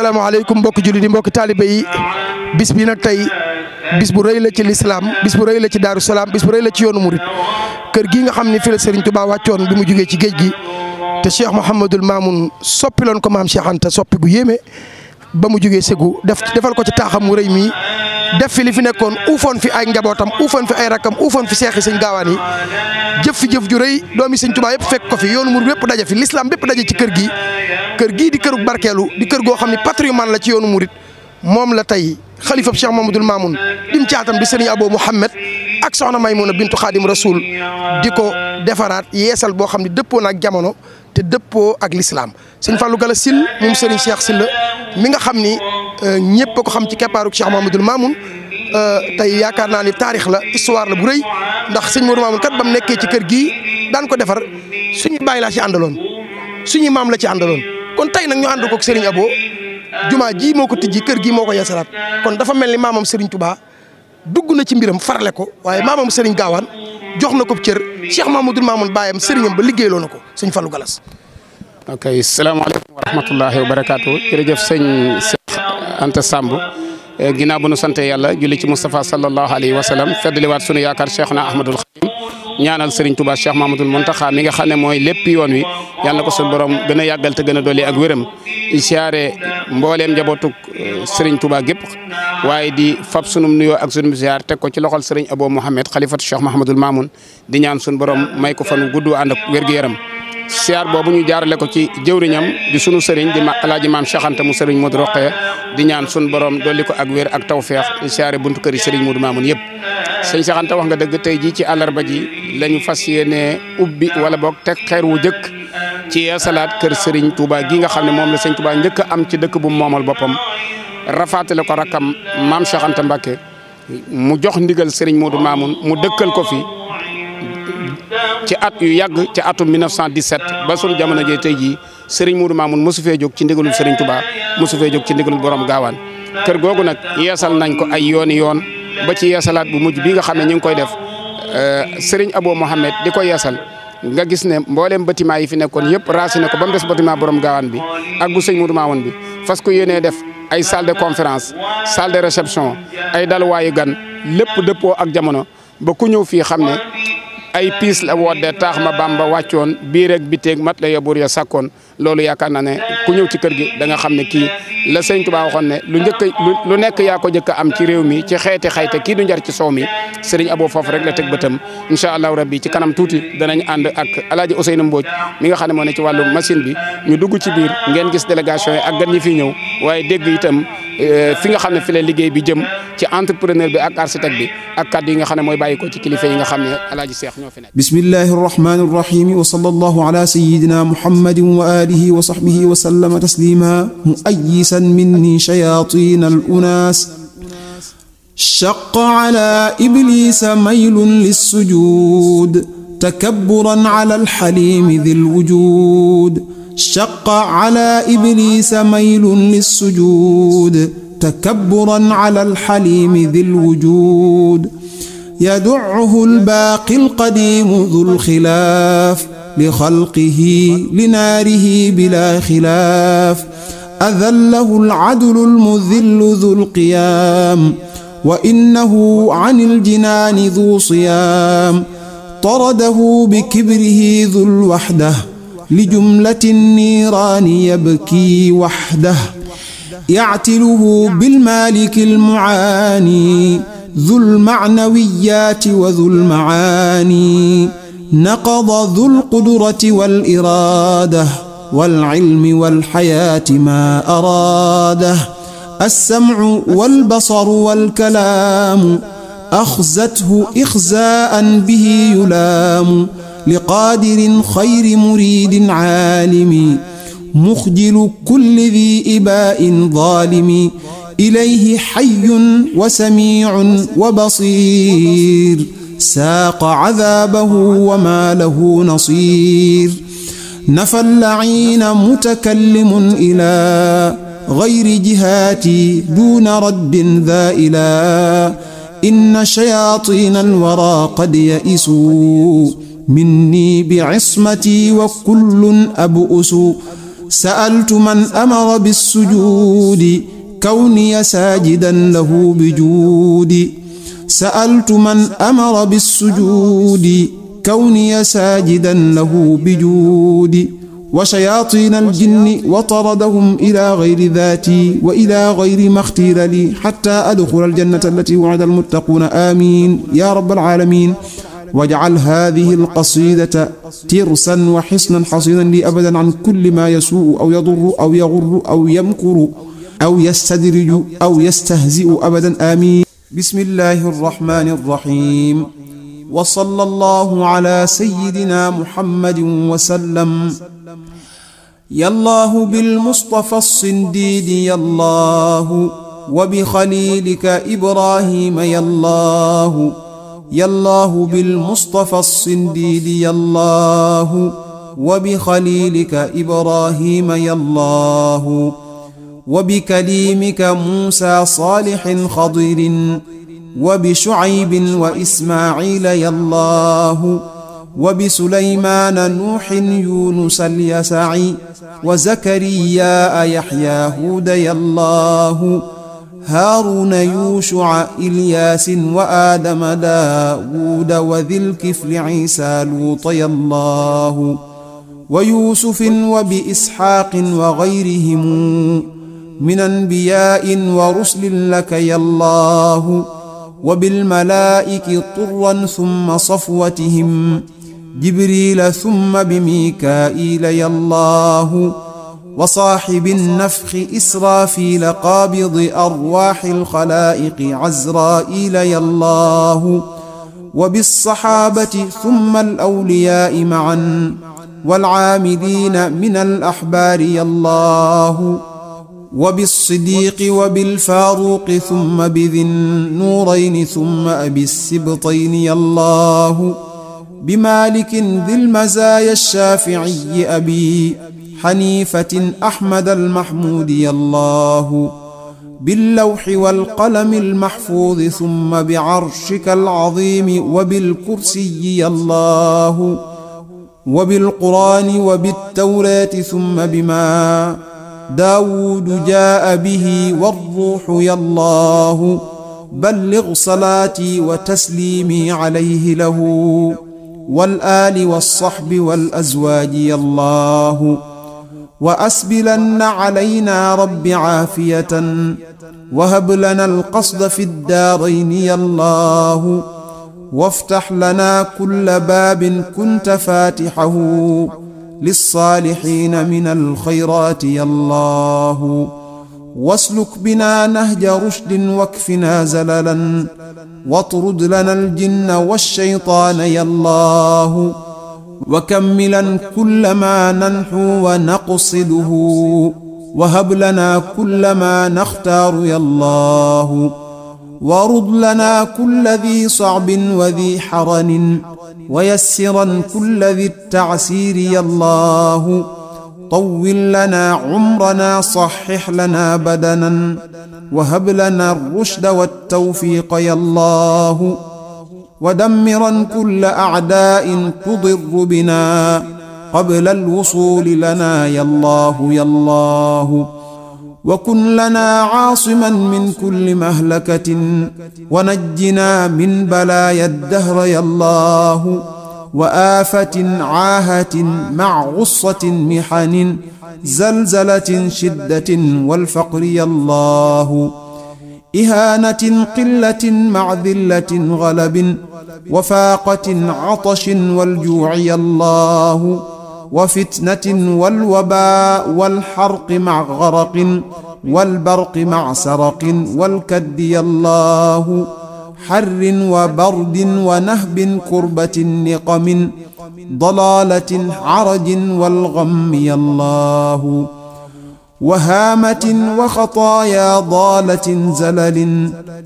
asalaamaaleykum mbokki jullit yi mbokki taalibe yi bis bi nag tey bis bu rëy la ci lislaam bis bu rëy la ci daaru salaam bis bu la ci yoonu murit kër gi nga xam ni fi la Serigne Touba wàccoon bi mu jugee ci géej gi te Cheikh Mouhamadul Mamoun soppiloon ko maam Cheikh Anta soppi gu yéeme. ba mu jógee Ségou def defal ko ci taaxam mu rëy mii def fi li fi nekkoon uufoon fi ay njabootam uufoon fi ay rakkam uufoon fi seexi sëñ gaawaan yi jëf fi jëf ju rëy doomi sëñ Tuubaa yëpp fekk ko fi yoonu murid yëpp daje fi lislaam bépp daje ci kër gi kër gii di kër këru barkeelu di kër goo xam ne patrimoine la ci yoonu murid moom la tey xalifab Cheikh Mamadul Mamoun dim caatam di sëriñ Abou Mouhamed ak soxna Maymuna bintu Xaadim Rasul di ko defaraat yeesal boo xam ne dëppoon ak jamono te dëppoo ak lislaam sëñ Fallou Gala Syll moom sëriñ Cheikh Syll mi nga xam ni euh, ñëpp ko xam ci keppaaru Cheikh Mamadou Mamoun euh, tey yaakaar naa ni taarix la histoire la bu rëy ndax sëñ Modou Mamoun kat ba mu nekkee ci kër gi daan ko defar suñu bàyyi laa ci àndaloon suñu maam la ci àndaloon kon tey nag ñu ànd kook sëriñ Abo jumaa ji moo ko tijji kër gii moo ko yeesalaat kon dafa mel ni maam maamam sëriñ Touba. dugg na ci mbiram farale ko waaye maamam Serigne Gaawaan jox na ko cër Cheikh Mamadou Mamoun baayam sëriñam ba liggéeyloo na ko sëñ Fallou Galas. ok salaamaaleykum wa rahmatullahi wa barakaatu jërëjëf sëñ Cheikh Anta Samb eh, ginnaaw bu nu sant yàlla julli ci Moustapha sallallahu alayhi wa sallam feddaliwaat sunu yaakaar Cheikh na Ahmadul Xadim ñaanal Serigne Touba Cheikh Mahmadul Montaxa mi nga xam ne mooy lépp yoon wi yàlla na ko suñu borom gën a yàggal gën a dolli ak wéram siyaare mbooleem njabootug eh, Serigne Touba gépp waaye di fab sunum nuyoo ak sunum ziar teg ko ci loxol Serigne Abo Mouhamed xalifatu Cheikh Mahamadul Mamoun di ñaan sun borom may ko fan gudd ànd ak wér-gu-yaram siyaar boobu ñu jaarale ko ci jëwriñam di sunu sëriñ di ma alaaji maam Cheikh mu sëriñ Modou Roqee di ñaan sunu borom dolli ko ak wér ak taw di siyaare buntu kër yi sëriñ Modou Mamoun yëpp. sëñ Cheikh Anta wax nga dëgg tey jii ci àllarba ji la ñu fas yéenee ubbi wala boog teg xeer wu jëkk ci yeesalaat kër sëriñ Touba gi nga xam ne moom la Serigne Touba njëkk am ci dëkk bu moomal boppam rafaatale ko rakkam maam Cheikh Anta mu jox ndigal sëriñ Modou Mamoun mu dëkkal ko fi ci at yu yàgg ci atum 1917 ba sunu jamono jee tey jii Serigne Modou Mamoun mosu fee jog ci ndigalul Serigne Touba mosu fee jog ci ndigalul borom gaawaan kër googu nag yeesal nañ ko ay yooni yoon ba ci yeesalaat bu mujj bi nga xam ne ñu ngi koy def euh, Serigne Abo Mohamed di ko yeesal. nga gis ne mbooleem bâtiment yi fi nekkoon yëpp raciné ko ba mu des bâtiment borom gaawaan bi ak bu sëñ Mourou Mamoun bi fas ko yéenee def ay salle de conférence salle de réception ay daluwaayu gan lépp dëppoo ak jamono ba ku ñëw fii xam ne ay piis la woodee taax ma baam Bamba wàccoon biir ak biteeg mat la ya buur ya loolu yaakaar naa ne ku ñëw ci kër gi da nga xam ne kii la sëñ Tuubaa waxoon ne lu njëkk lu nekk yaa ko njëkk am ci réew mi ci xeeti xayta kii du njar ci soow mi sëriñ Abo foofu rek la teg bëtam incha allahu rabbi ci kanam tuuti danañ ànd ak alaaji Ousseynou Mbodj mi nga xam ne moo ne ci wàllu machine bi ñu dugg ci biir ngeen gis délégation yi ak gan ñi fi ñëw waaye dégg tam euh, fi nga xam ne fi la liggéey bi jëm ci entrepreneur bi ak architecte bi ak kàddu yi nga xam ne mooy bàyyi ci kilifa yi nga xam ne alaaji Seex ñoo fi nekk alihi wa saxbihi wa sallama tasliima muayyisan minni shayaatiina al unaas shaqa ala ibliisa maylun lissujuud takabburan ala alxaliimi dil wujuud shaqa ala ibliisa maylun lissujuud takabburan ala alxaliimi dil wujuud يدعه الباقي القديم ذو الخلاف لخلقه لناره بلا خلاف أذله العدل المذل ذو القيام وإنه عن الجنان ذو صيام طرده بكبره ذو الوحدة لجملة النيران يبكي وحده يعتله بالمالك المعاني ذو المعنويات وذو المعاني نقض ذو القدرة والإرادة والعلم والحياة ما أراده السمع والبصر والكلام أخزته إخزاء به يلام لقادر خير مريد عالم مخجل كل ذي إباء ظالم ilayhi xayyun wa samiicun wa basiir saaqa cadaabahu wa maa lahu nasiir nafa allaciina mutakallimun ilaa gayri jihaati duuna raddin daa ilaa inna shayaatiina alwaraa qad ya'isuu minnii bicismatii wa kullun ab'usu sa'altu man amara bissujuudi كوني ساجدا له بجودي سألت من أمر بالسجود كوني ساجدا له بجودي وشياطين الجن وطردهم إلى غير ذاتي وإلى غير ما اختير لي حتى أدخل الجنة التي وعد المتقون آمين يا رب العالمين واجعل هذه القصيدة ترسا وحصنا حصينا لي أبدا عن كل ما يسوء أو يضر أو يغر أو يمكر aw yastadriju aw yastahziu abadan amin bismillahi arrahmani arrahim wa sallallahu ala sayyidina muhammadin wa sallam yallaahu bilmustafa as-sindiidi yallaahu wa bixaliilika ibrahima yallaahu yallaahu bilmustafa as-sindiidi yallaahu wa bixaliilika ibrahima yallaahu وبكليمك موسى صالح خضر وبشعيب وإسماعيل يا الله وبسليمان نوح يونس اليسع وزكريا يحيى هود يا الله هارون يوشع إلياس وآدم داود وذي الكفل عيسى لوط يا الله ويوسف وبإسحاق وغيرهم من أنبياء ورسل لك يا الله وبالملائك طرا ثم صفوتهم جبريل ثم بميكائيل يا الله وصاحب النفخ إسرافيل قابض أرواح الخلائق عزرائيل يا الله وبالصحابة ثم الأولياء معا والعاملين من الأحبار يا الله wa bilsidiqi wa bilfaaruqi summa bidin nuurayni summa abi sibtayni yallaahu bi maalikin dil mazaaya shaafiiyi abi xaniifatin ahmad almahmuudi yallaahu billawxi walqalami almaxfuudi summa bicarshika alcaziimi wa bilkursiyi yallaahu wa bilqur'aani wa bitawraati summa bimaa داود جاء به والروح يا الله بلغ صلاتي وتسليمي عليه له والآل والصحب والأزواج يا الله وأسبلن علينا رب عافية وهب لنا القصد في الدارين يا الله وافتح لنا كل باب كنت فاتحه للصالحين من الخيرات يا الله واسلك بنا نهج رشد واكفنا زللا واطرد لنا الجن والشيطان يا الله وكملا كل ما ننحو ونقصده وهب لنا كل ما نختار يا الله warud lana kulla di saabin wa di xaranin wa yassiran kulla di taasiiri yallaahu tawwil lana cumranaa saxix lana badanan wa hab lana rushda wattawfiiqa yallaahu wa dammiran kulla acdaa'in tudirru binaa qabla alwusuuli lana yallaahu yallaahu وكن لنا عاصما من كل مهلكة ونجنا من بلايا الدهر يا الله وآفة عاهة مع غصة محن زلزلة شدة والفقر يا الله إهانة قلة مع ذلة غلب وفاقة عطش والجوع يا الله وفتنة والوباء والحرق مع غرق والبرق مع سرق والكد الله حر وبرد ونهب كربة نقم ضلالة عرج والغم الله وهامة وخطايا ضالة زلل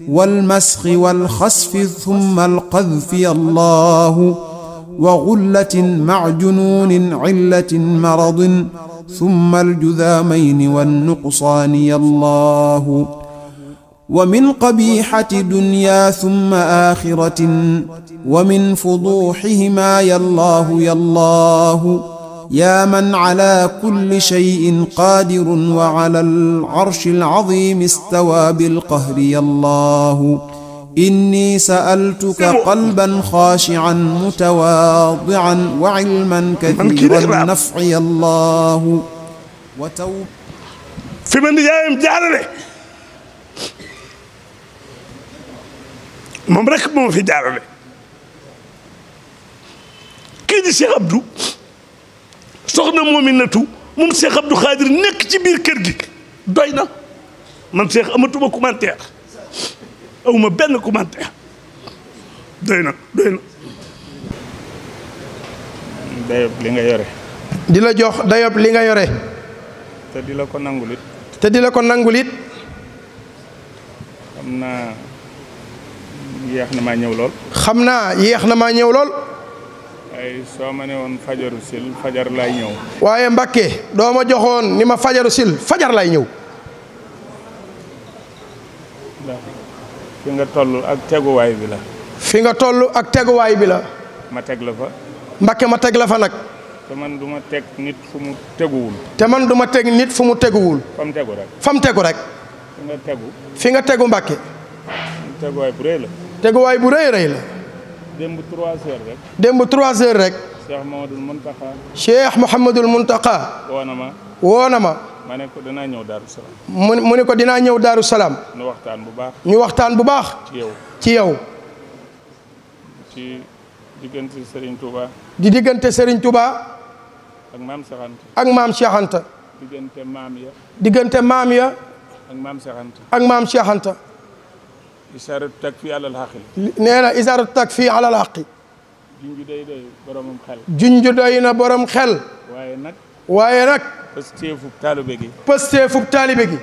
والمسخ والخسف ثم القذف الله wa gullatin ma junuunin cillatin maradin summa aljudaamayn wannuqsaani yallaahu wa min qabiixati dunyaa summa aaxiratin wa min fuduuxihimaa yallaahu yallaahu yaa man ala kulli shayin qaadirun wa ala alcarshi alcaziimi istawaa bilqahri yallaahu inni sa'altuka qalban xaashi'an mutawaadi'an wa ilman kathiiran nafiya Allahu wa taw fi ma nijaayam jaarale moom rek moom fi jaarale kii di Cheikh Abdou soxna Moominatu moom Cheikh Abdou Khadir nekk ci biir kër gi doy na man Cheikh amatuma commentaire awma benn commentaire doy na doy na dayob li nga yore di la jox dayob li nga yore te di la ko nangulit te di la ko nangulit xam naa yéex na maa ñëw lool xam naa yéex na maa ñëw lool waaye soo ma ne woon fajaru sil fajar lay ñëw waaye Mbàkke doo ma joxoon ni ma fajaru sil fajar lay ñëw fi nga toll ak teguwaay bi la. fi nga toll ak teguwaay bi la. ma teg la fa. mbakke ma teg la fa nag. te man duma teg nit fu mu teguwul. te man du teg nit fu mu teguwul. fa tegu rek. fa mu tegu rek. fi nga tegu. fi nga tegu mbakke. teguwaay bu rëy la. teguwaay bu rëy rëy la. démb trois heures rek. démb 3 heures rek. Cheikh Mouhamadul Mountakha. Cheikh Mouhamadul Mountakha. woona ma. woona ma. ma ne ko dinaa ñëw Daaru mu ne mu ne ko dinaa ñëw Daaru Salaam. ñu waxtaan bu baax. ñu waxtaan bu baax. ci yow ci yow. ci diggante Serigne Touba. di diggante Serigne tuba ak maam Cheikh ak maam Cheikh Anta. diggante maam ya. diggante maam ya. ak maam Cheikh Anta. ak maam Cheikh Anta. isaaratu takfi alal haqi. nee na isaaratu takfi alal haqi. junj doy na borom xel. waaye nag. pësteefub taalibe gi. pësteefub taalibe gi.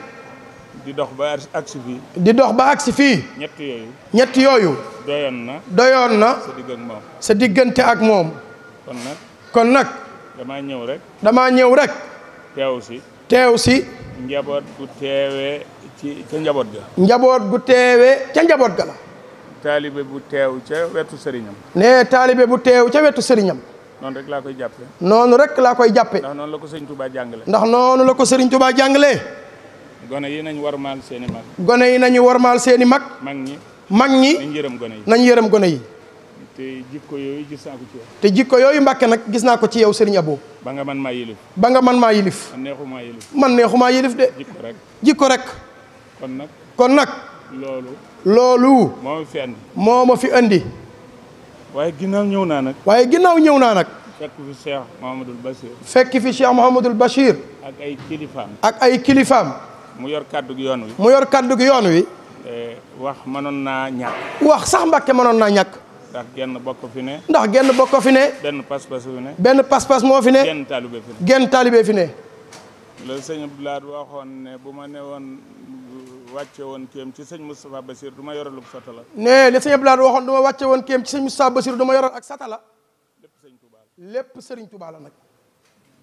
di dox ba agsi fii. di dox ba agsi fii. ñett yooyu. ñett yooyu. doyoon na. doyoon na. sa sa diggante ak moom. kon nag. kon nag. damaa ñëw rek. damaa ñëw rek. teew si. teew si. njaboot gu teewee ci ca njaboot ga. njaboot gu teewee ca njaboot ga la. taalibe bu teew ca wetu sëriñam. nee taalibe bu teew ca wetu sëriñam. noonu rek laa koy jàppe noonu rek laa koy jàppe ndax noonu la ko sëriñ Touba jàngale ndax noonu la ko sëriñ Touba jàngalee gone yi nañ warmaal seeni mag gone yi nañu warmaal seeni mag mag ñi mag ñi nañ yërëm gone yi nañ yërëm gone yi te jikko yooyu gis ci te jikko yooyu mbàkke nag gis naa ko ci yow sëriñ Abo ba nga man maa yilif ba nga man maa yilif man neexumaa yilif man neexumaa yilif de jikko rek jikko rek kon nag kon nag loolu loolu moo fi andi fi andi waaye ginnaaw ñëw naa nag. waaye ginnaaw ñëw naa nag. fekk fi Cheikh Mouhamadul Bachir. fekk fi Cheikh Mouhamadul Bachir. ak ay kilifaam. ak ay kilifaam. mu yor kaddu yoon wi. mu yor kaddu yoon wi. Eh, wax manoon naa ñàkk. wax sax Mbàkke mënoon naa ñàkk. ndax genn bokk fi ne. ndax genn bokk fi ne. benn pas-pas benn pas-pas moo fi ne. genn taalibe fi ne. genn taalibe fi ne. la sëñ Abdoulaye waxoon ne bu ma ne woon wàcce woon kéem ci sëñ Moustapha Bassir du ma yoralub satala ne li sëñ Abdoulaye waxoon du ma wàcce woon kéem ci sëñ Moustapha Bassir du ma yoral ak satala lépp sëñ Touba la lépp sëriñ Touba la nag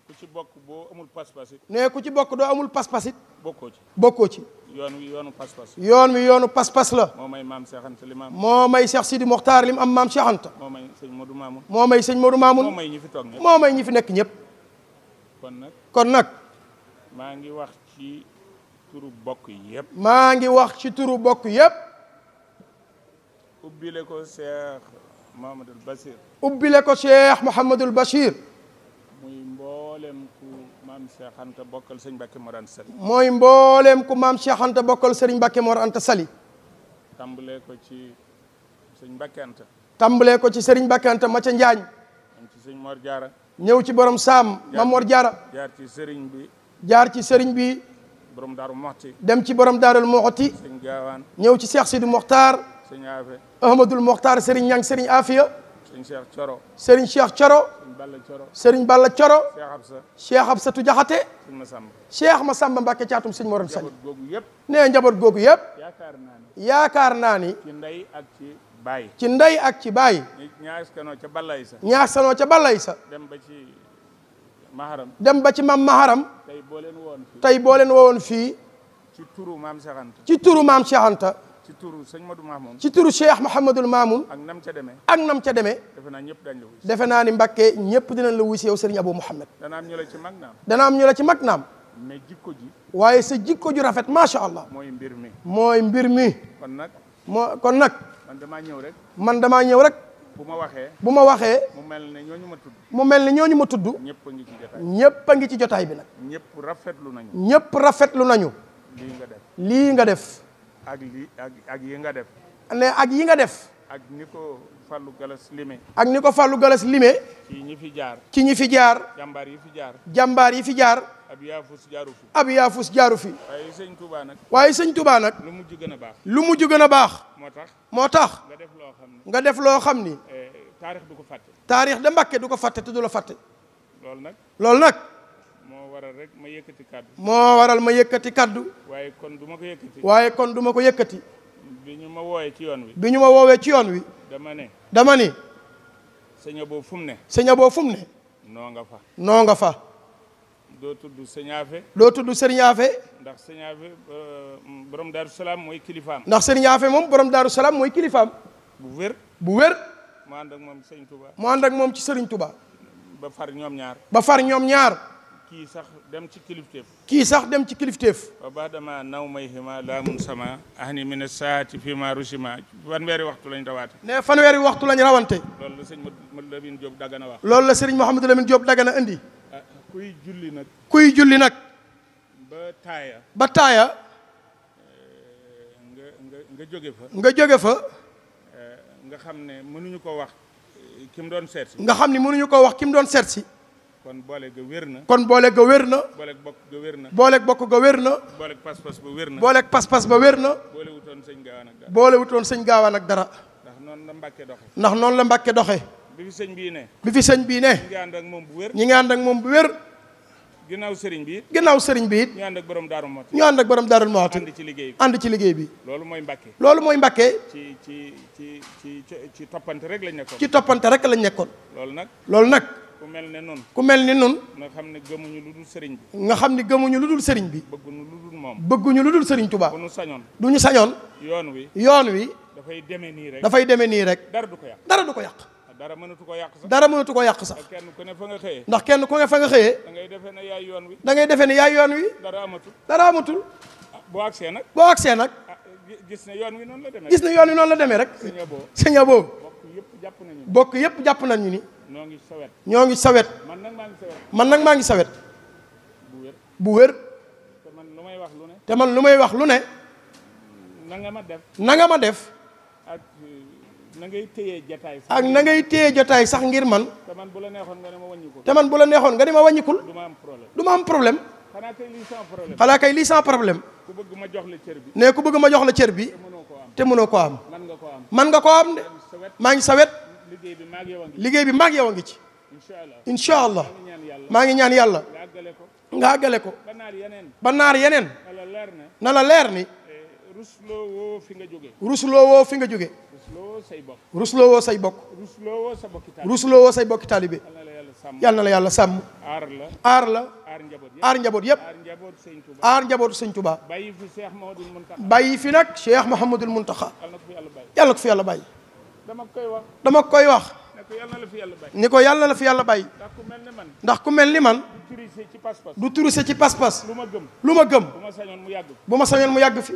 ku ci bokk boo amul pas-pas it ne ku ci bokk doo amul pas-pas it bokkoo ci bokkoo ci yoon wi yoonu pas-pas yoon wi yoonu pas-pas la moo may maam Cheikh Anta li maam moo may Cheikh Sidi Mokhtar li mu am maam Cheikh Anta moo may sëñ Modou Mamoun moo may sëñ Modou Mamoun moo may ñi fi toog ñëpp moo may ñi fi nekk ñëpp kon nag kon nag maa ngi wax ci turu bokk yëpp. maa ngi wax ci turu bokk yëpp. ubbile ko Cheikh Mouhamadul Bachir. ko Cheikh Mouhamadul Bachir. muy mboolem ku maam sëñ Mbacke Mor mooy mboolem ku maam Cheikh Anta bokkal sëriñ Mbacke Mor Anta Sali. tàmbalee ko ci sëñ Mbacke Anta. tàmbalee ko ci sëriñ Mbacke Anta Njaañ. ñëw ci sëñ ñëw ci borom Saam. Mam Mor Diarra. jaar ci sëriñ bi. jaar ci sëriñ bi. borom daaru moxti dem ci borom daarul moxti sëñ gaawaan ñëw ci Cheikh Sidi Mokhtar sëñ Afia Ahmadul Mokhtar Serigne Niang Serigne Afia sëñ Cheikh Coro Serigne Cheikh Coro sëñ Balla Coro Serigne Balla Coro Cheikh Absa Cheikh Absatu Jaxate sëñ Masamba Cheikh Masamba Mbàkke caatum sëñ Morom Sañ njaboot yëpp nee njaboot googu yëpp yaakaar naa yaakaar naa ni ci ndey ak ci baay ci ndey ak ci baay ñaaskanoo ca ballay sa ñaaskanoo ca ballay sa dem ba dem ba ci mam maharam tey boo leen woon tey boo leen woowoon fii ci turu maam Cheikh ci turu maam Cheikh Anta ci turu sëñ Madou Mamoun ci turu Cheikh Mouhamadul Mamoun ak nam ca demee ak nam ca demee defe naa ñëpp dañ la defe naa ni Mbàkke ñëpp dinañ la wuy si yow Serigne Abou Mouhamed dana am ñu la ci mag naam am ñu la ci mag naam mais jikko ji waaye sa jikko ju rafet macha allah mooy mbir mi mooy mbir mi kon nag moo kon nag damaa ñëw rek man damaa ñëw rek bu ma waxee bu ma waxee. mu mel ne ñoo ñu tudd. mu mel ne ñooñu ma tudd. ñëpp a ngi ci jotaay ñëpp a ngi ci jotaay bi nag. ñëpp rafetlu nañu. ñëpp rafetlu nañu. lii nga def lii nga def. ak lii ak ak yi nga def. ne ak yi nga def. ak ni ko Fallou Galas limee. ak ni ko Fallou Galas limee. ci ñi fi jaar. kii ñi fi jaar. jàmbaar yi fi jaar. jàmbaar yi fi jaar. ab yaafus jaaru fi. jaaru fi. waaye sëñ Touba nag. waaye sëñ Touba nag. lu mujj gën a baax. lu mujj gën a baax. moo tax moo tax. nga def loo xam ni. nga def loo xam ni. Eh, taarix du ko fàtte. taarix da Mbàkke du ko fàtte te du la fàtte. loolu nag. loolu nag. moo waral rek ma yëkkati kaddu. moo waral ma yëkkati kaddu. waaye kon du ma ko yëkkati. waaye kon du ma ko yëkkati. bi ñu ma woowee ci yoon wi. bi ñu ma woowee ci yoon wi. dama ne. dama ni. sëñ Abo fu ne. sëñ Abo fu ne. noo nga fa. noo nga fa. doo tudd sëñ Afe. doo tudd sëñ Afe. ndax sëñ euh, borom Darou Salaam mooy kilifaam. ndax sëñ Afe moom borom Darou Salaam mooy kilifaam. bu wér. bu wér. mu ànd moom ci sëñ Touba. mu ànd moom ci sëriñ Touba. ba far ñoom ñaar. ba far ñoom ñaar. kii sax dem ci kilifteef. kii sax dem ci kilifteef. wa baadama naw may hima laamun sama ahni min saati fi ma rusima fanweeri waxtu lañ rawaate. ne fanweeri waxtu lañ rawante. loolu la sëñ Mouhamadou Lamine Diop Dagana wax. loolu la sëriñ Mouhamadou Lamine Diop Dagana indi. Ah, kuy julli nag. kuy julli nag. ba taaya. ba taaya. Eh, nga nga jóge fa. nga jóge fa. Eh, nga xam ne mënuñu koo wax eh, ki doon seet si. nga xam ne mënuñu ko wax ki mu doon seet si. kon boole ga wér na. kon boole ga wér na. booleeg bokk ga wér na. booleeg bokk ga wér na. booleeg pas-pas ba wér na. booleeg pas-pas ba wér na. boole wutoon sëñ gaawaan ak dara. boole wutoon sëñ gaawaan ak dara. ndax noonu la mbàkke doxe ndax noonu la mbàkke doxe bi fi sëñ bii ne. bi fi sëñ bii ne. ñi nga ànd ak moom bu wér. ñi nga ànd ak moom bu wér. ginnaaw sëriñ bi it. ginnaaw sëriñ bi it. ñu ànd ak borom Darou Mouhty. ñu ànd ak borom Darou Mouhty. ànd ci liggéey bi ànd ci liggéey bi. loolu mooy Mbacke. loolu mooy Mbacke. ci ci ci ci ci toppante rek lañ nekkoon. ci toppante rek lañ nekkoon. loolu nag. loolu nag. ku mel ne nun ku mel ne nun nga xam ne gëmuñu lu dul sëriñ bi nga xam ne gëmuñu lu dul sëriñ bi bëgguñu lu dul moom bëgguñu lu dul sëriñ Tuubaa duñu sañoon duñu sañoon yoon wi yoon wi dafay demee nii rek dafay demee nii rek dara du ko yàq dara du ko yàq dara mënatu ko yàq sax dara mënatu ko yàq sax kenn ku ne fa nga xëyee ndax kenn ku ne fa nga xëyee da ngay defee ne yaay yoon wi da defee ne yaay yoon wi dara amatul dara amatul ah, boo agsee nag boo agsee nag ah, gis ne yoon wi noonu la deme gis ne yoon noonu la demee rek sëñ Abo sëñ Abo bokk yëpp jàpp nañu bokk yëpp jàpp nañu ni ñoo ngi sawet ñoo ngi sawet man nag maa ngi sawet man nag maa ngi sawet bu wér bu wér te man lu may wax lu ne te man lu may wax lu ne na nga ma def na nga ma def ak na ngay téye jotaay sax ak na ngay téye jotaay sax ngir man te man bu la neexoon nga ne ma wàññikul te man bu la neexoon nga ne wàññikul du ma am problème am problème xanaa kay lii sans problème kay lii sans problème ku jox la cër bi ne ku bëgg ma jox la cër bi te mënoo ko am man nga koo am man nga koo am maa ngi sawet liggéey bi maag yow a ngi ci liggéey bi maag yow a ngi ci. incha allah maa ngi ñaan yàlla. nga àggale ko. ba naar yeneen. na la leer ni. Eh, rusloo woo fi nga jóge. rusloo fi nga jóge. rusloo woo say bokk. rusloo woo say bokki taalibe. yal na la yàlla sàmm. aar la aar la. aar njaboot yëpp. aar njabootu sëñ Tuubaa. bàyyi fi nag Cheikh Mouhamadul Mountakha. yal na ko fi yàlla bàyyi. dama koy wax dama koy wax. ni ko yàlla la fi yàlla bay ndax ku mel ni man. ndax ku mel ni man. du turise ci pas-pas. du turise ci pas-pas. lu ma gëm lu ma gëm. bu ma sañoon mu yàgg fi. bu ma sañoon mu yàgg fi.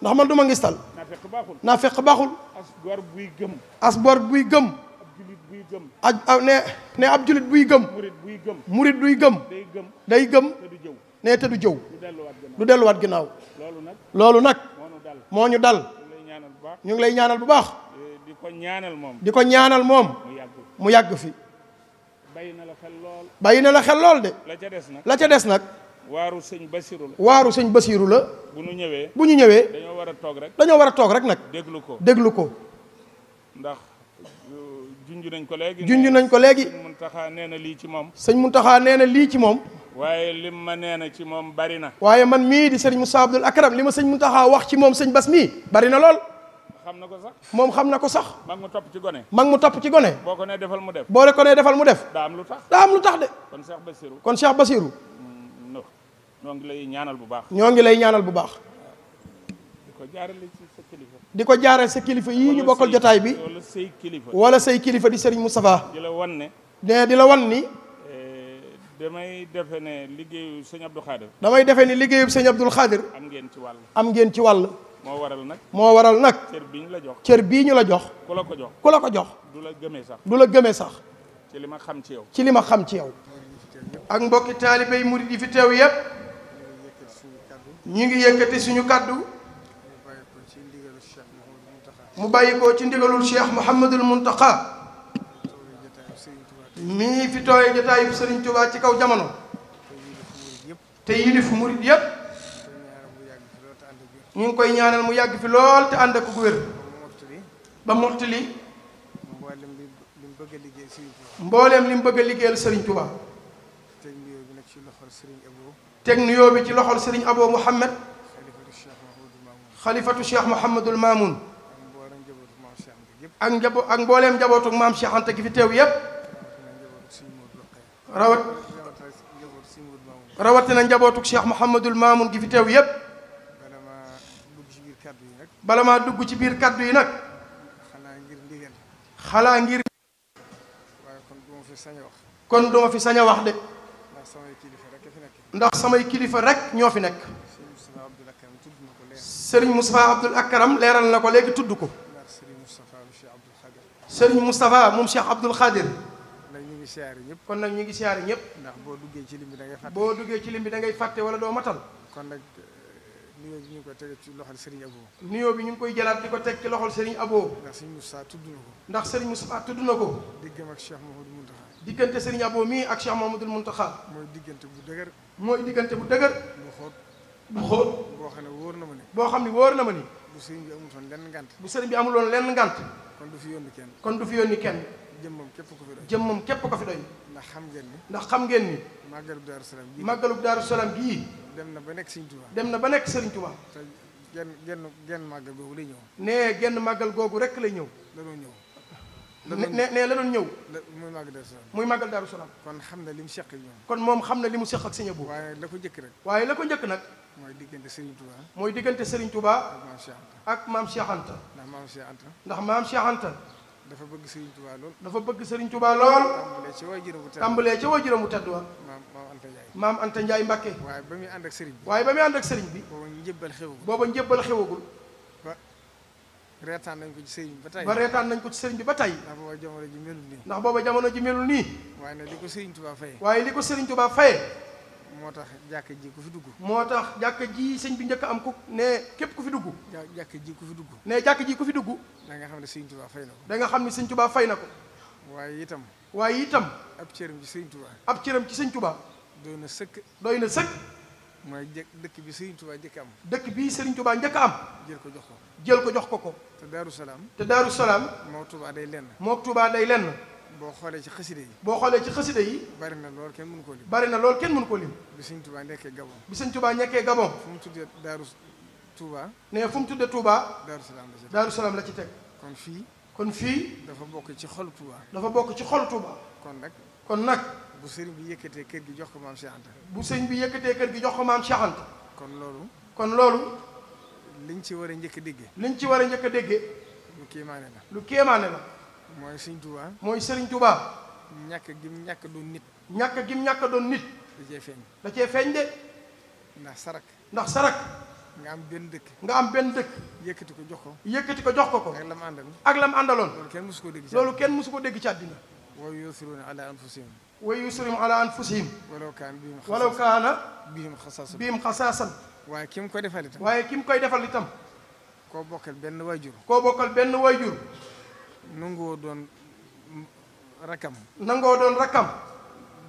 ndax man du ma ngistal. ndax man du ma ngistal. naa fekk baaxul. naa fekk baaxul. as gor buy gëm. as gor buy gëm. a ne ne ab julit buy gëm murit buy gëm day gëm ne te du jëw du delluwaat ginnaaw loolu nag moo ñu dal ñaanal bu baax ñu ngi lay ñaanal bu baax. di ko ñaanal moom. di ko ñaanal moom. mu yàgg fi. bàyyi na la xel lool. bàyyi na la xel lool de. la ca des nag la ca des nag. waaru sëñ Basiru la. waaru sëñ Basiru la. bu ñu ñëwee. bu ñu ñëwee. dañoo war a toog rek. dañoo war a toog rek nag. déglu ko déglu ko. ndax euh, junj nañ ko léegi. junj nañ ko léegi. sëñ Muntaxa nee na lii ci moom. nee na lii ci moom. waaye lim ma nee na ci moom bari na waaye man mii di sëriñ Moussa Abdoul Akram li ma sëñ mu Mountakha wax ci moom sëñ bas mii bari na lool xam na ko sax moom xam na ko sax mag mu topp ci gone mag mu topp ci gone boo ko nee defal mu def boo nee defal mu def daa am lu tax daa am lu tax de kon Cheikh Basirou kon Cheikh Basirou mm, ñoo ngi lay ñaanal bu baax ñoo ngi lay ñaanal bu baax di ko jaarale sa kilifa di ko jaarale sa kilifa yii ñu bokkal jotaay bi wala say kilifa wala say kilifa di sëriñ Moustapha di la wan ne ne di la wan ni damay defe ne liggéeyu sëñ Abdou Khadir. damay defe ne liggéeyu sëñ Abdou Khadir. am ngeen ci wàll. am ngeen ci wàll. moo waral nag. moo waral nag. cër bii ñu la jox. cër bii ñu la jox. ku la ko jox ku la ko jox. du la gëmee sax du la gëmee sax. ci li ma xam ci yow. ci li ma xam ci yow. ak mbokki taalibe yi murid yi fi teew yépp ñu ngi yëkkati suñu kaddu. mu bàyyi ko ci ndigalul Cheikh Mouhamadul Mountakha. mii fi tooyee jotaayub Serigne Touba ci kaw jamono te yilif murit yépp ñu ngi koy ñaanal mu yàgg fi lool te ànd ak ku wér ba mottali mbooleem li mu bëgg a liggéeyal Serigne Touba teg nuyoo bi ci loxol Serigne Abo Mouhamed xalifatu Cheikh Mouhamadul Mamoun ak njabo ak mbooleem njabootu maam Cheikh Anta gi fi teew yépp rawat rawatina njabootuk cheikh Mouhamadul Mamoun gi fi teew yépp bala maa dugg ci biir kaddu yi nag xanaa ngir ndigal xalaa ngir waaye kon duma fi sañ kon duma fi sañ wax de ndax samay kilifa rek fi nekk ndax samay kilifa rek ñoo fi nekk sëriñ Moustapha Abdoul Akaram leeral na ko léegi tudd ko sëriñ Moustapha moom cheikh Abdoul Khadir siyaare ñëpp kon nag ñu ngi siyaare ñëpp ndax boo duggee ci lim bi da ngay fàtte boo duggee ci lim bi da fàtte wala doo matal kon nag euh, nuyoo bi ñu ngi koy teg ci loxol Serigne Abo nuyoo bi ñu ngi koy jalaat di ko teg ci loxol Serigne Abo ndax Serigne Moussa tudd na ko ndax Serigne Moussa tudd na ko diggam ak Cheikh Mouhamadou Mountakha diggante Serigne Abo mii ak Cheikh Mouhamadou Mountakha mooy diggante bu dëgër mooy diggante bu dëgër bu xóot bu xóot boo xam ne wóor na ma ni boo xam ne wóor na ma ni bu Serigne bi amuloon ngant bu Serigne bi amuloon lenn ngant kon du fi yónni kenn kon du jëmmam képp ko fi ko fi doy. ndax xam ngeen ni. ndax xam ngeen ni. màggalub Daaru Salaam gii. màggalub Daaru Salaam gii. dem na ba nekk Sëriñ Tuubaa. dem na ba nekk Sëriñ Tuubaa. te genn genn genn màggal googu lay ñëw. nee genn màggal googu rek lay ñëw. la doon ñëw. ne ne la doon ñëw. muy màggal Daaru Salaam. muy màggal Daaru Salaam. kon xam na li mu seq ak kon moom xam na li mu seq ak sëñ bu. waaye la ko rek. waaye la ko njëkk nag. mooy diggante Serigne Touba. mooy diggante Serigne Touba. ak maam Cheikh Anta. ak maam ndax maam Cheikh Anta. ndax maam Cheikh Anta. dafa bëgg Serigne Touba lool. dafa bëgg Serigne Touba lool. tàmbalee ci waajuram bu tedd tàmbalee ci waajuram bu tedd wa. maam maam Anta Ndiaye. maam Anta Ndiaye waaye ba muy ànd ak Serigne bi. waaye ba muy ànd ak Serigne bi. booba njëbbal xewagul. booba njëbbal xewagul. ba reetaan nañ ko ci Serigne bi ba tey. ba ko ci Serigne ba tey. ndax booba jamono ji melul nii. ndax booba jamono ji melul nii. waaye nag li ko Serigne Touba fayee. waaye li ko Serigne Touba fayee. moo tax jàkk ji ku fi dugg moo tax jàkk ji sëñ bi njëkk am ku ne képp ku fi dugg jàkka ji ku fi dugg ne jàkk ji ku fi dugg da nga xam ne sëñ Tuubaa fay na ko da nga xam ne sëñ Tuubaa fay na waaye itam waaye itam ab cëram ci sëñ Tuubaa ab cëram ci sëñ Tuubaa doy na sëkk doy na sëkk mooy dëkk bi sëriñ Tuubaa njëkk am dëkk bi sëriñ Tuubaa njëkk am jël ko jox ko jël ko jox ko ko te Daaru te Daaru Salaam moo Tuubaa day lenn moo tubaa day lenn boo xoolee ci xasida yi boo xoolee ci xasida yi bari na lool kenn mënu ko lim bari na lool kenn mënu ko lim bi sëñ Touba nekkee Gabon bi sëñ Touba nekkee Gabon fu mu tuddee Daaru Touba ne fu mu tuddee Touba Daaru Salaam la ci Daaru Salaam la ci teg kon fii kon fii dafa bokk ci xol Touba dafa bokk ci xol Touba kon nag kon nag bu sëriñ bi yëkkatee kër gi jox ko maam Cheikh bu sëriñ bi yëkkatee kër gi jox ko maam Cheikh Anta kon loolu kon loolu liñ ci war a njëkk a déggee liñ ci war a njëkk a déggee lu kéemaane la lu kéemaane la mooy sëñ Touba. mooy Serigne Touba. ñàkk gim ñàkk doon nit. ñàkk gim ñàkk doon nit. da feeñ. da cee feeñ de. ndax sarak. ndax sarak. nga am benn dëkk. nga am benn dëkk. yëkkati ko jox ko. yëkkati ko jox ko ko. ak lam àndaloon. ak lam àndaloon. loolu kenn mësu ko dégg ci loolu kenn mësu ko dégg ci àddina. wa yusiruna ala anfusihim. wa yusiruna ala anfusihim. walaw kaana bihim xasaasan walaw kaana. bihim xasaasan bihim xasaasan. waaye ki mu koy defal itam. waaye ki koy defal itam. koo bokkal benn waajur. koo bokkal benn waajur. nangoo doon rakam. nangoo doon rakam.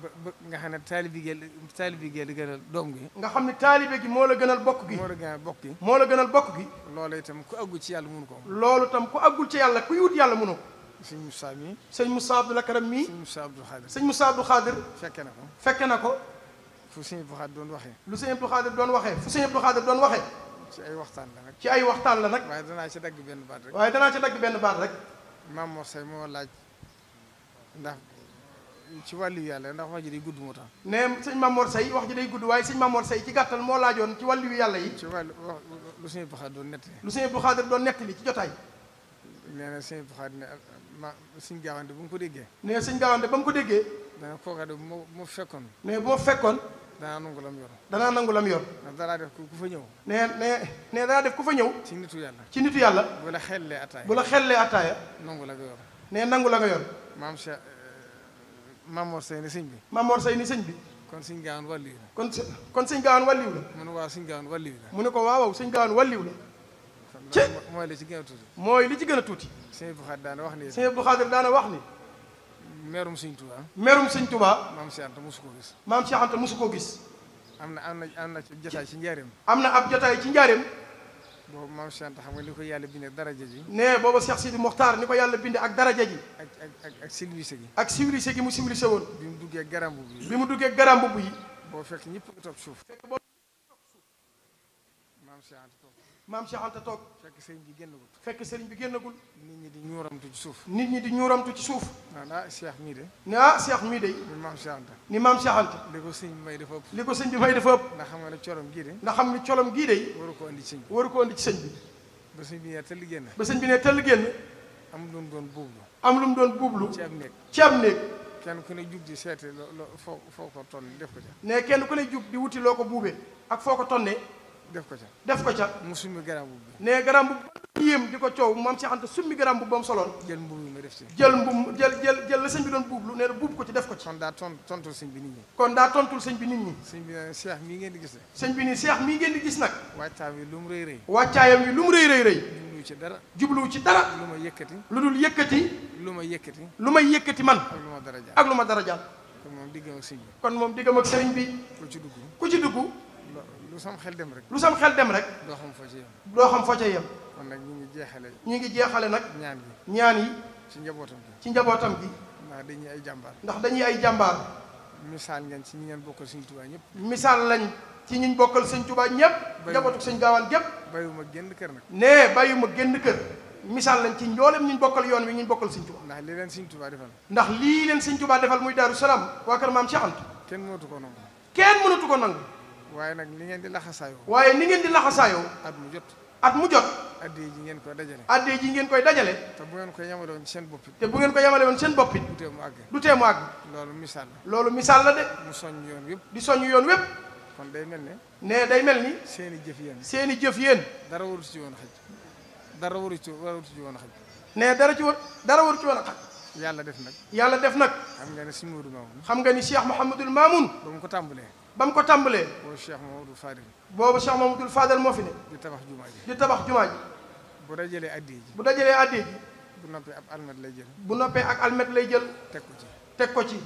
ba nga xam ne taalibe gi taalibe gi la gënal doom gi nga xam ne taalibe gi moo la gënal bokk gi moo la gënal bokk gi moo la gënal bokk gi loolu itam ku àggul ci yàlla mun ko loolu itam ku àggul ci yàlla ku wut yàlla mënu ko sëñ Moussa mii sëñ Moussa Abdoul Karam mii sëñ Moussa Abdoul Khadir sëñ Moussa Abdoul Khadir fekke na ko fekke na ko fu sëñ Abdoul Khadir doon waxee lu sëñ Abdoul Khadir doon waxee fu sëñ Abdoul Khadir doon waxee si ay waxtaan la nag ci ay waxtaan la nag waaye danaa ci dagg benn baat rek waaye danaa ci dagg benn baat rek maam say Seye moo laaj ndax ci wàllu yàlla ndax wax ji day gudd moo tax. ne sañ Maam Mor wax ji day gudd waaye sëñ Maam say Seye ci gàttal moo laajoon ci wàllu yàlla yi. ci wàllu lu sëñ Abdou Khadre doon nettali. lu sëñ Abdou Khadre doon li ci jotaay. nee na sëñ Abdou Khadre ne ma sëñ Gaawande ba mu ko déggee. nee sëñ Gaawande ba mu ko déggee. dana kooka bu ma fekkoon. nee bu ma fekkoon. danaa nangu lam yor danaa nangu lam yor ndax danaa def ku fa ñëw ne ne ne danaa def ku fa ñëw ci nitu yàlla ci nitu yàlla bu la xellee attaaya bu la xellee attaaya nangu la nga yor ne nangu la nga yoon mam Cheikh eh, Mamor Sey ni sëñ bi Mamor Sey ni sëñ bi kon sëñ gaawan wàlliw la kon kon sëñ gaawan wàlliw la mu ne waaw sëñ gaawan mu ne ko waaw waaw sëñ gaawan wàlliw la ci mooy li ci gën a tuuti mooy li ci a tuuti sëñ daana wax ni sëñ Abdou Khadre daana wax ni merum sëñ Touba. merum sëñ Touba. maam Cheikh Anta mosu koo gis. maam Cheikh Anta mosu koo gis. am na am na am na jotaay ci njaareem. am na ab jotaay ci njaareem. boobu maam Cheikh Anta xam nga ni ko yàlla bindee ak daraja ji. nee booba Cheikh Sidi Mokhtar ni ko yàlla bindee ak daraja ji. ak ak ak ak civilisé gi mu civilisé woon. bi mu duggee garam bu bi. duggee garam bu boo fekk ñëpp a toog suuf. fekk boo fekk maam Cheikh toog. fekk sëriñ bi génn génnagul. fekk sëriñ bi génnagul. nit ñi di ñuuramtu ci suuf. nit ñi di ñuuramtu ci suuf. ah Cheikh mii de. ne ah Cheikh mii de. ni maam Cheikh Anta. ni maam Cheikh Anta. li ko sëñ bi may dafa ëpp. li sëñ bi may dafa ëpp. ndax xam nga ne colom gii de. ndax xam ne colom gii de. waru ko andi ci sëñ bi waru ko andi ci sëñ bi. ba sëñ bi ne tëll génn. ba sëñ bi nee tëll génn. am lu mu doon buublu. am lu mu doon buublu. ci am néeg ci am néeg. kenn ku ne jug di seete loo foo foo ko tonne def ko ca. kenn ku ne jug loo ko buubee ak foo ko tonnee def ko ca def ko ca. mu summi garam bu bi. ne garam bu ba yéem di ko coow maam Cheikh Anta summi garam bu ba mu soloon. jël mbuub mi def ci. jël mbuub jël jël jël la sëñ bi doon buublu nee na buub ko ci def ko ci. kon daa ton tontul sëñ bi nit ñi. kon daa tontul sëñ bi nit ñi. sëñ bi nag eh, Cheikh mii ngeen di gis nag. sëñ bi nii Cheikh mii ngeen di gis nag. wàccaayam yi lu mu rëy rëy. wàccaayam yi lu mu rëy rëy rëy. jubluwu ci dara. jubluwu ci dara. lu ma yëkkati. lu dul yëkkati. lu ma yëkkati. lu may yëkkati man. ak lu ma dara jaal kon moom diggam ak sëñ bi. ku ci dugg ku ci dugg lu sam xel dem rek. lu sam xel dem rek. doo xam foo ca doo xam foo ca yem. kon nag ñu ngi jeexale. ñu ngi jeexale nag. ñaan yi ñaan yi. ci njabootam gi ci njabootam gi. ndax dañuy ay jàmbaar. ndax dañuy ay jàmbaar. misaal ngeen ci ñu ngeen bokkal sëñ Tuubaa ñëpp. misaal lañ ci ñiñ bokkal sëñ Tuubaa ñëpp. njabootu sëñ Gaawaan gépp. bàyyiwuma génn kër nag. nee ma génn kër. misaal lañ ci ñoolem ñu bokkal yoon wi ñu bokkal sëñ Tuubaa. ndax lii leen sëñ Tuubaa defal. ndax lii leen sëñ Tuubaa defal muy Daaru Salaam waa kër maam Cheikh Anta. kenn mënatu ko nangu. kenn mënatu ko nangu. waaye nag ni ngeen di laxasaayoo. waaye ni ngeen di laxasaayoo. at mu jot. at mu jot. addee ji ngeen koy dajale. addee ji ngeen koy dajale. te bu ngeen ko yemale woon seen bopp it. te bu ngeen ko yemale woon seen bopp it. du tee mu àgg. du tee mu àgg. loolu misaal la. loolu misaal la de. mu soññ yoon wépp. di soññ yoon wépp. kon day mel ne. nee day mel ni. seen i jëf yéen. seen i jëf yéen. dara waru ci woon xaj. dara waru ci waru ci woon xaj. nee dara ci war dara waru ci woon xaj. yàlla def nag. yàlla def nag. xam nga ni Cheikh Mouhamadul Mamoun. xam nga ni Cheikh Mouhamadul Mamoun. ba mu ko tàmbalee. ba mu ko tàmbalee. boobu Cheikh Mamadou Fadel. boobu Cheikh Mamadou Fadel moo fi ne. di tabax jumaa ji di tabax jumaa ji. bu dajalee addi ji. bu dajalee addi ji. bu noppee ab almet lay jël. bu noppee ak almet lay jël. teg ko ci teg ko ci.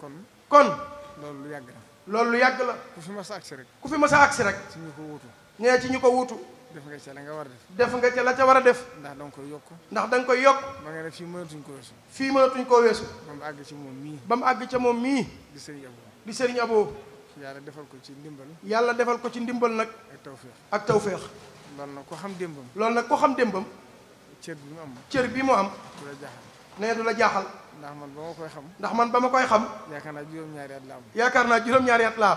kon kon. loolu lu yàgg la. loolu lu yàgg la. ku fi mas a agsi rek. ku fi mas a agsi rek. ci ñu ko wuutu. nee ci ñu ko wuutu. def nga ca la nga war a def. def nga ca la ca war a def. ndax da koy yokk. ndax da nga koy yokk. ba nga ne fii mënatuñ koo fii mënatuñ koo weesu. ba mu àgg ci moom mii. ba mu àgg ca moom mii. di sëriñ Abo. di sëriñ yàlla defal ko ci ndimbal. yàlla defal ko ci ndimbal nag. ak tawféex ak tawféex. loolu nag ko xam dembam lool nag ko xam démbam. cër bi mu am. cër bi mu am. du la du la jaaxal. ndax man ba ma koy xam. ndax man ba ma koy xam. yaakaar naa juróom-ñaari at la naa juróom-ñaari at la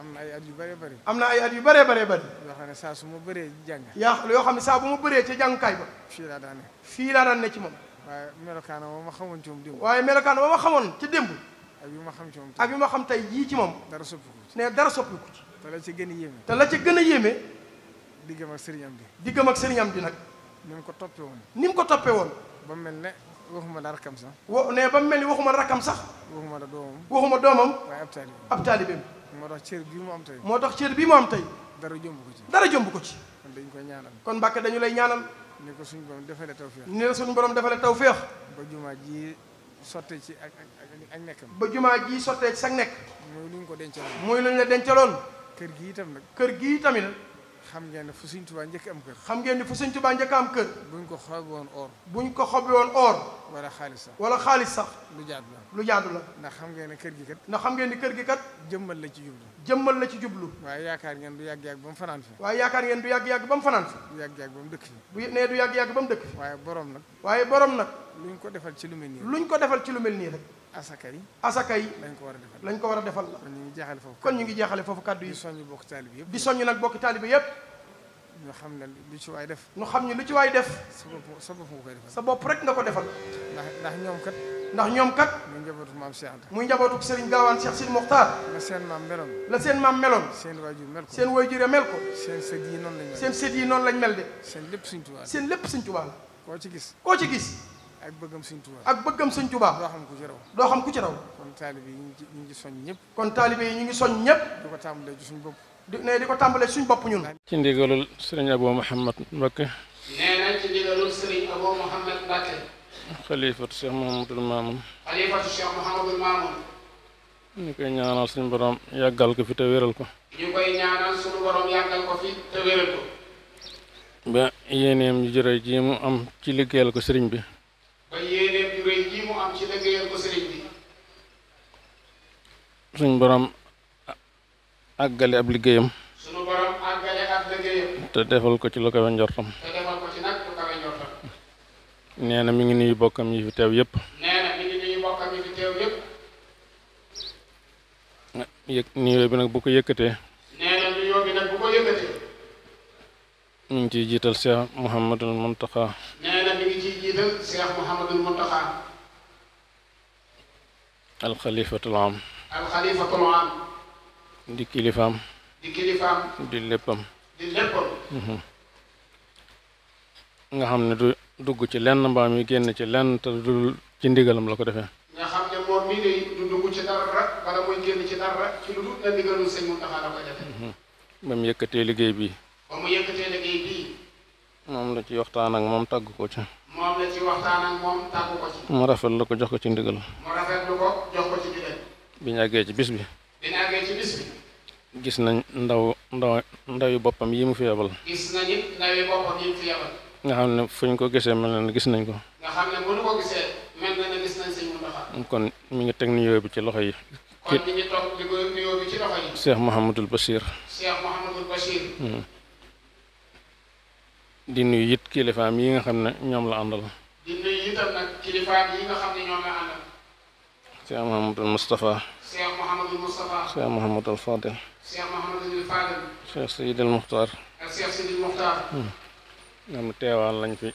am. na ay at yu bëree bëri. am na ay at yu bëree bëree bëri. yoo xam ne saa su ma bëree jàng. yaa yoo xam ne saa bu ma bëree ca jàngukaay ba. fii laa daan fii laa daan ne ci moom. waaye melokaana ba ma xamoon ci moom démb. waaye melokaana ba ma xamoon ci démb. ak yu ma xam ci moom ak xam tey yii ci moom. dara soppiku ci ne dara soppiku ci. te la ci gën a yéeme. te ci a yéeme. diggam ak sëriñam bi. diggam ak bi nag. ni ko toppee woon. ni mu ko toppee woon. ba mel ne waxuma la rakkam sax. wo ne ba mel ni waxuma la rakkam sax. waxuma la doomam. waxuma doomam. waaye ab taalibeem ab taalibeem. moo tax cër bii mu am tey. moo tax cër bii mu am tey. dara jomb ko ci. dara jomb ko ci. kon dañ koy ñaanal. kon Mbàkke dañu lay ñaanal. ni ko suñu borom defalee tawféex. ni la suñu borom defalee tawféex. ba jumaa ji sotte ci ak ak ak nekk ba jumaa ji sottee ci sag nekk. muy lu ñu ko dencaloon. muy lu ñu la dencaloon. kër gi itam nag. kër gi tamit xam ngeen ne fu Sëñ Tuubaa njëkk am kër xam ngeen ne fu Sëñ Tuubaa njëkk am kër buñ ko xobi woon or ñu ko xobi woon oor wala xaalis sax wala xaalis sax lu jaadu la lu jaadu la ndax xam ngeen ne kër gi kat ndax xam ngeen ne kër gi kat jëmmal la ci jublu jëmmal la ci jublu waaye yaakaar ngeen du yàgg-yàgg ba mu fanaan fi waaye yaakaar ngeen du yàgg-yàgg ba mu fanaan fi du yàgg-yàgg ba mu dëkk fi bu nee du yàgg-yàgg ba mu dëkk fi waaye borom nag waaye borom nag ko defal ci lu mel nii luñ ko defal ci lu mel nii rek asaka yi asaka yi lañ ko war a defal lañ ko war a defal la ñu ngi jeexale foofu kon ñu ngi jeexale foofu kàddu yi di soññ bokk taalibe yëpp di soññ nag bokki taalibe yëpp ñu xam ne lu ci waay def ñu xam ne lu ci waay def sa bopp sa bopp nga sa bopp rek nga ko defal ndax ndax ñoom kat ndax ñoom kat muy njabootu maam Cheikh Anta muy njabootu Serigne Gaawaan Cheikh Sidi Mokhtar la seen maam meloon la seen maam meloon seen waajur mel ko seen waajur mel ko seen sët yi noonu lañ mel seen sët yi noonu lañ mel de seen lépp Sëriñ Tuubaa seen lépp Sëriñ Tuubaa la koo ci gis koo ci gis ak bëggam sëñ Tuubaa bëggam sëñ Tuubaa doo xam ku ci raw doo xam ku ci raw kon taalibe yi ñu ngi soñ ñëpp kon taalibe yi ñu ngi soñ ñëpp di ko tàmbalee ci suñ bopp ne di ko tàmbalee suñ bopp ñun ci ndigalul sëriñ Abou Mouhamad Mbacké nee ci ndigalul sëriñ Abou Mouhamad Mbacké xalifatu Cheikh Mouhamadul Mamoun ñu koy ñaanal suñu borom yàggal ko fi te ko ñu koy ñaanal suñu borom yàggal ko fi te ko ba yéeneem ju jërë ji mu am ci liggéeyal ko sëriñ bi ba yéeneem ju rëy ji mu am ci liggéeyal ko sëriñ bi suñ borom àggale ab liggéeyam suñu te defal ko ci lu kawe njortam te mi ngi nuyu bokkam yi fi teew yépp nee na mi ngi bi nag bu ko yëkkatee nee na nuyoo bi nag bu ko ngi ciy jiital Cheikh Mouhamadul jiital Cheikh Mouhamadul Mountakha alxalifatul am di kilifaam di kilifaam di léppam di léppam mhm. nga xam ne du dugg ci lenn mbaam yi génn ci lenn te du ci ndigalam la ko defee nga xam ne moom mii de du dugg ci dara wala muy génn ci dara ci lu dul na ndigalul sëñ Mountakha la ko defee mhm. ba yëkkatee liggéey bi moom la ci waxtaan ak moom tàgg ko ca moom la ci waxtaan ak moom tàggu ko ci. mu rafetlu ko jox ko ci ndigal. mu jox ko ci ndigal. bi ñu àggee ci bis bi. gis nañ ndaw ndaw ndaw boppam yi mu fi yebal. gis nañ it boppam yi mu fi yebal. nga xam ne fu ñu ko gisee mel na ne gis nañ ko. nga xam ne bu ko gisee mel na ne gis nañ sëñ Muntaxa. kon mu ngi teg nuyoo bi ci loxo yi. kon mi ngi toog nuyoo bi ci loxo di nuyu it kilifaam yi nga xam ne ñoom la àndal. di nuyu itam nag kilifaam yi nga xam ne ñoom la hmm. ah, lañ fi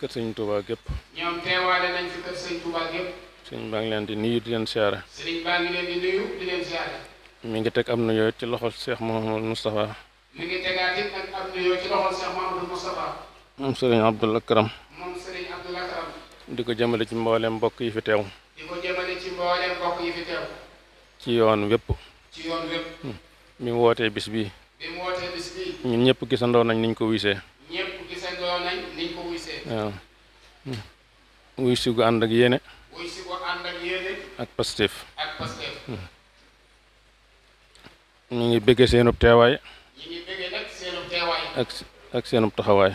kër sëñ Touba gépp. ñoom teewaale ngi leen di nuyu di leen siyaare. sëñ ngi leen di nuyu di teg am ci loxol Cheikh Mouhamadul Moustapha. moom sëriñ Abdul Akram moom sëriñ di ko jëmale ci mboolem mbokk yi fi teew ci yoon wépp hmm. mu wootee bis bi mu wootee bis bii ñëpp gisandoo nañ niñ ko wuysee ñëpp gisandoo nañ hmm. gu ànd ak yéene wuy ak yéene ak hmm. ngi bëgge seenub teewaay ñu ngi ak seenub taxawaay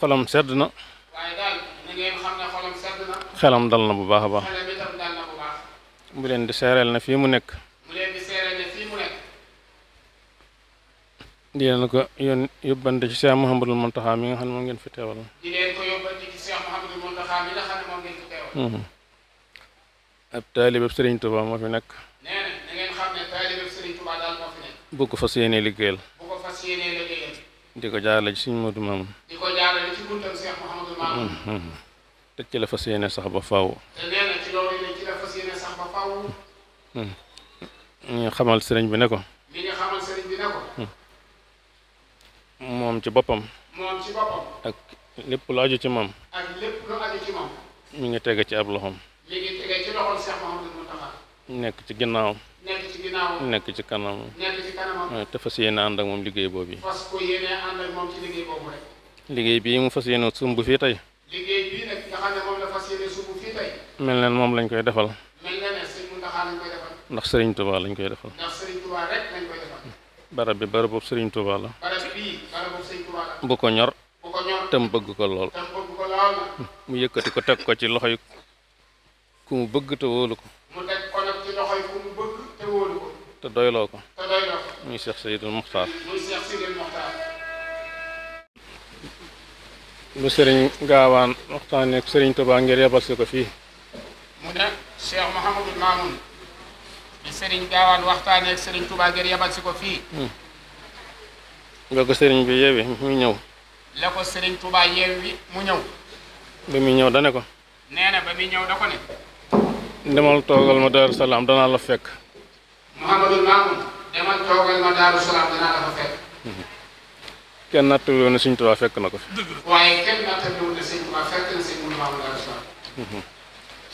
xolam sedd na. waaye daal xelam dal na bu baax a baax. xelam na di seereel na fii mu nekk. mu leen ko yón yóbbante ci Cheikh Mouhamadul Mountakha mi nga xam ne moom ngeen fi teewal. di leen ko yóbbante ci nga xam ne moom fi teewal. Mhm. ab taalibe Serigne Touba moo fi moo fi nekk. bu ko fas yéenee liggéeyal. bu ko fas yéenee liggéeyal. di ko jaarale ci ci buntam Cheikh Mouhamadul Mamoun. Hmm, hmm. te ci la yéene sax ba faaw. te nee na ci loolu ne ci la sax ba faaw. Hmm. ñu xamal ko. xamal sëriñ bi ne ko. moom ci boppam. moom ci boppam. ak lépp lu aju ci moom. mu ngi tege ci ab loxoom. mi nekk ci ginnaawam. nekk ci nekk ci kanamam. nekk ci kanamam. te fas yéene ànd ak moom liggéey boobu yi. fas ko yéene ànd moom ci liggéey boobu rek. liggéey bii mu fas yéene sumb bu fii tey. mel na ne moom lañ koy defal. ndax sëriñ Touba lañ koy defal. ndax Serigne Touba barab bi barab boobu Serigne Touba la. barab bu ko ñor. te mu bëgg ko lool. mu yëkkati ko teg ko ci loxo yi ku mu bëgg te wóolu ko. te doyloo ko. te doyloo ko. muy Cheikh Seydou Mokhtar. muy lu sëriñ gaawaan waxtaanee sëriñ Tuubaa ngir yebal si ko fii mu ne Cheikh Mouhamadul Mamoun bi sëriñ gaawaan waxtaanee sëriñ Tuubaa ngir yebal si ko fii la hmm. ko sëriñ bi yeewi mu ñëw la ko sëriñ Tuubaa yeewi mu ñëw ba muy ñëw dane ko nee ba muy ñëw da ko ne demal toogal ma Daaru danaa la fekk kenn nattul woon ne Sëñ Tuubaa fekk na ko fi. waaye kenn mhm.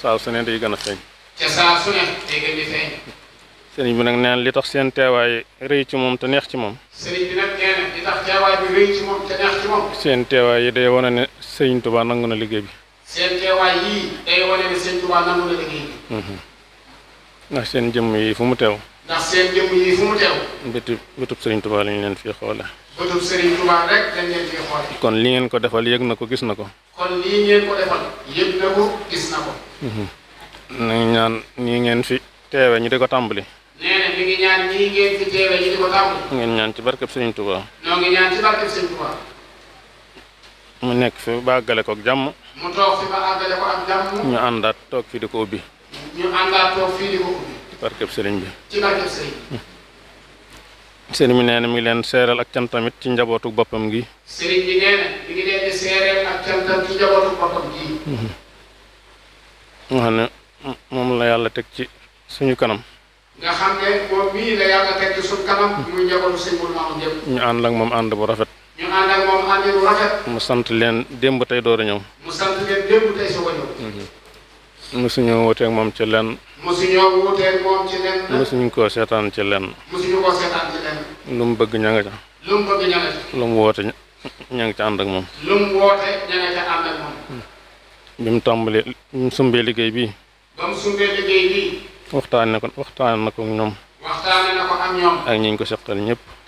saa su ne day gën a feeñ. te saa su ne day gën di feeñ. nag neen li tax seen teewaay moom neex ci moom. bi rëy ci moom te neex ci moom. seen teewaay yi day wane ne Sëñ Tuubaa nangu na liggéey bi. seen teewaay yii day wane ne Sëñ Tuubaa nangu na liggéey bi. Mhm. ndax seen jëmm yi fu mu teew. ndax seen jëmm yi fu mu teew. bëtub bëtub Sëriñ Tuubaa lañ leen fii xoole bëtub Serigne Touba rek kon li ngeen ko defal yëg na ko gis na ko. kon lii ngeen ko defal yëg na ko gis na ko. Mhm. na ñaan nii ngeen fi teewe ñu di ko tàmbali. nee na ngi ñaan ngeen ñaan ci barkeb Serigne Touba. mu nekk fi ba àggale ko ak jàmm. mu toog fi ba ko ak jàmm. ñu àndaat toog fii di ko ubbi. ñu àndaat toog fii di ko ubbi. barkeb Serigne bi. ci barkeb bi. Mhm. seen bi nee na mi ngi leen seeral ak cantamit ci njabootu boppam gi. sëriñ bi nee mi ngi leen di seeral ak cantam ci njabootu boppam gi. moom la yàlla teg ci suñu kanam. nga xam ne moom mii la yàlla teg ci suñu kanam. muy njabootu sëñ bu maam jëm. ñu ànd ak moom ànd bu rafet. ñu ànd ak moom ànd rafet. mu sant leen démb tey door a ñëw. mu suñu moom moom ci lenn. mosuñu koo seetaan ci seetaan ci lenn. lu mu bëgg ña nga ca. lu mu bëgg ña nga woote ña ca ànd ak moom. lu mu woote ña bi mu tàmbalee bi mu sumbee liggéey bii. ba mu sumbee liggéey bii. waxtaanee na ko ak ñoom. na ko ak ñoom. ak ñi ñu ko seqal ñëpp.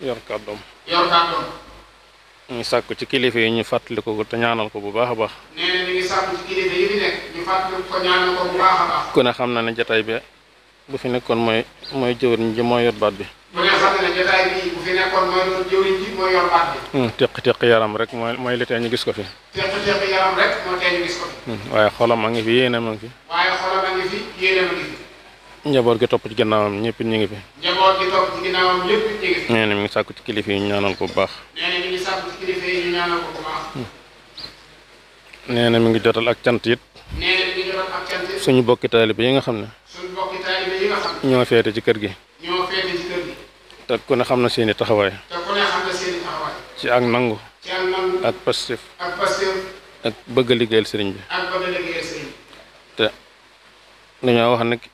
yor kàddoom yor kàddoom ñu ngi ci kilifa yi ñu fàttaliku ko te ñaanal ko bu baax a baax kon na a xam na ne jataay bi bu fi nekkoon mooy mooy jëwriñ mooy yor bi bu ne hmm, teq-teq yaram rek mooy li tee ñu gis ko fi teq-teq yaram rek moo tee ñu gis ko fi hmm, waaye xolam a ngi fi yéene ma ngi fi waaye xolam a ngi fi yéene ma ngi njaboot gi topp ci ginnaawam ñëpp ñu ngi gi topp ci ginnaawam ñëpp ñu ngi fi. na mi ngi sàkku ci kilifa yi ñu ñaanal ko bu baax. nee na mi ngi jotal ak cant it. suñu bokki taalibe yi nga xam ne. yi nga xam ne. ñoo feete ci kër gi. ñoo feete ci te ku ne xam na seeni taxawaay. ne seeni taxawaay. ci ak nangu. ak nangu. ak bëgg a liggéeyal sëriñ bi. te dañoo wax nag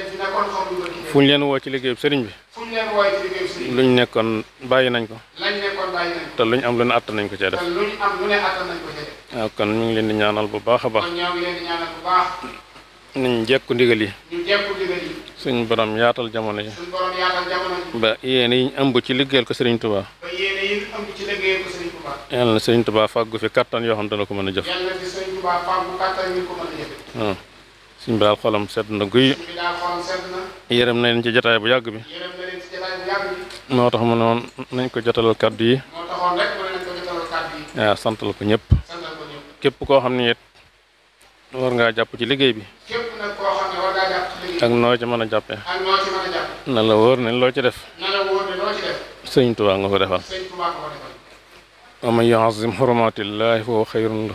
fu ñu leen woo ci liggéeyub sëriñ bi. luñ nekkoon bàyyi nañ ko. te luñ am lu ne àttan ko cee def. waaw kon ñu ngi leen di ñaanal bu baax a baax. kon ñoo ngi leen di ñaanal jekku ndigal yi. suñ borom yaatal jamono yi. suñ borom yaatal jamono yi. ba yéen yiñ ëmb ci liggéeyal ko sëriñ Tuubaa. ba yéen yiñ ëmb ci na sëriñ Tuubaa fàggu fi kattan yoo xam dana ko mën a jëf. ko mën a jëf. sëñ bi daal xolam sedd na guy. yërëm na leen ci jataay bu yàgg bi. moo tax mu ne nañ ko jotalal kàddu yi. waaw santal ko ñëpp. képp koo xam ne it war ngaa jàpp ci liggéey bi. ak noo ci mën a jàpp na la wóor ne loo ci def. sëñ Tuubaa nga ko defal. wa man yu'azzim hurumatillahi fa huwa khayrun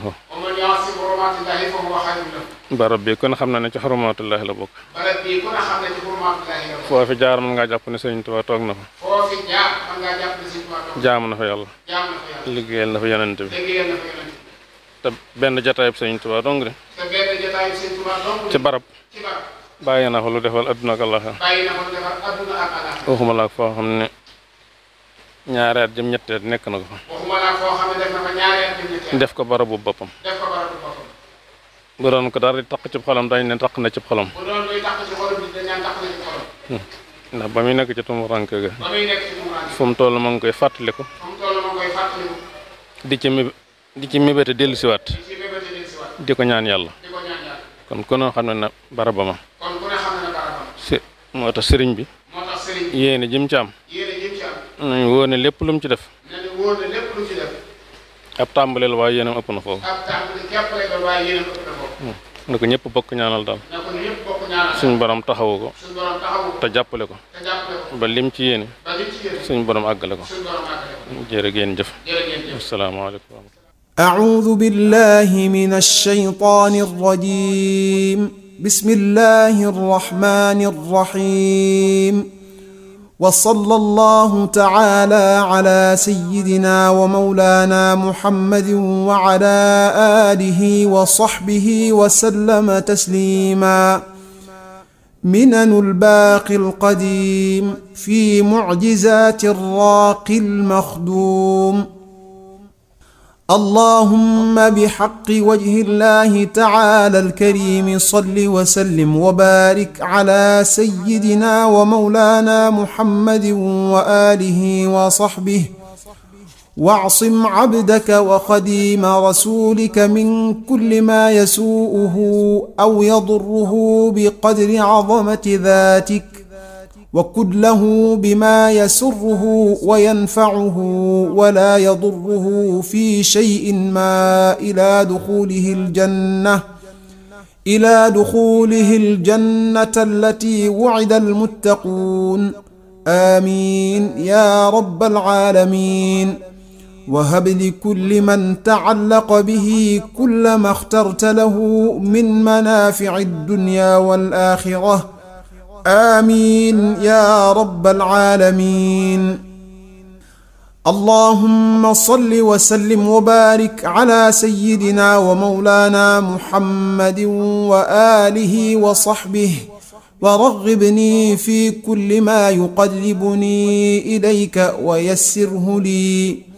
barab bi kon xam na ne ci xarumaatullaahi la bokk. barab la bokk. foo fi jaar mën ngaa jàpp ne Sëriñ Tuubaa toog na fa. jaam na fa yàlla. jaam na fa yàlla. bi. liggéeyal na fa yonent te benn jataayub Sëriñ Tuubaa dong dong de. ci barab. ci barab. bàyyi na fa lu defal adduna ak àllaaxira. bàyyi na foo xam ne ñaari at jëm ñetti nekk na ko fa. def ko barabu boppam. bu doon ko dara di taq ci xolam dañ ne taq na ci xolam. Hmm. ndax ba muy nekk ci tumuranke ga. ba muy nekk mu toll ma ngi koy fàttale ko di ci mébé di ci mébéte dellusiwaat. di ci ko ñaan yàlla. kon ku ne xam ne na barabama. kon ku moo tax sëriñ bi. moo tax sëriñ yéene jëm ci am. yéene wóor ne lépp lu mu ci def. nañu wóor ne lépp lu ab tàmbaleel waaye yéenam ëpp na foofu. na ko bokk ñaanal daal suñ borom taxawu ko te jàppale ko ba lim ci yéene suñ borom àggale ko jërë ngeen jëf asalaamaaleykum wa rahmatulah أعوذ بالله من الشيطان الرجيم بسم الله الرحمن الرحيم وصلى الله تعالى على سيدنا ومولانا محمد وعلى آله وصحبه وسلم تسليما منن الباقي القديم في معجزات الراقي المخدوم اللهم بحق وجه الله تعالى الكريم صل وسلم وبارك على سيدنا ومولانا محمد وآله وصحبه واعصم عبدك وخديم رسولك من كل ما يسوءه أو يضره بقدر عظمة ذاتك وكن له بما يسره وينفعه ولا يضره في شيء ما إلى دخوله الجنة إلى دخوله الجنة التي وعد المتقون آمين يا رب العالمين وهب لكل من تعلق به كل ما اخترت له من منافع الدنيا والآخرة آمين يا رب العالمين اللهم صل وسلم وبارك على سيدنا ومولانا محمد وآله وصحبه ورغبني في كل ما يقربني إليك ويسره لي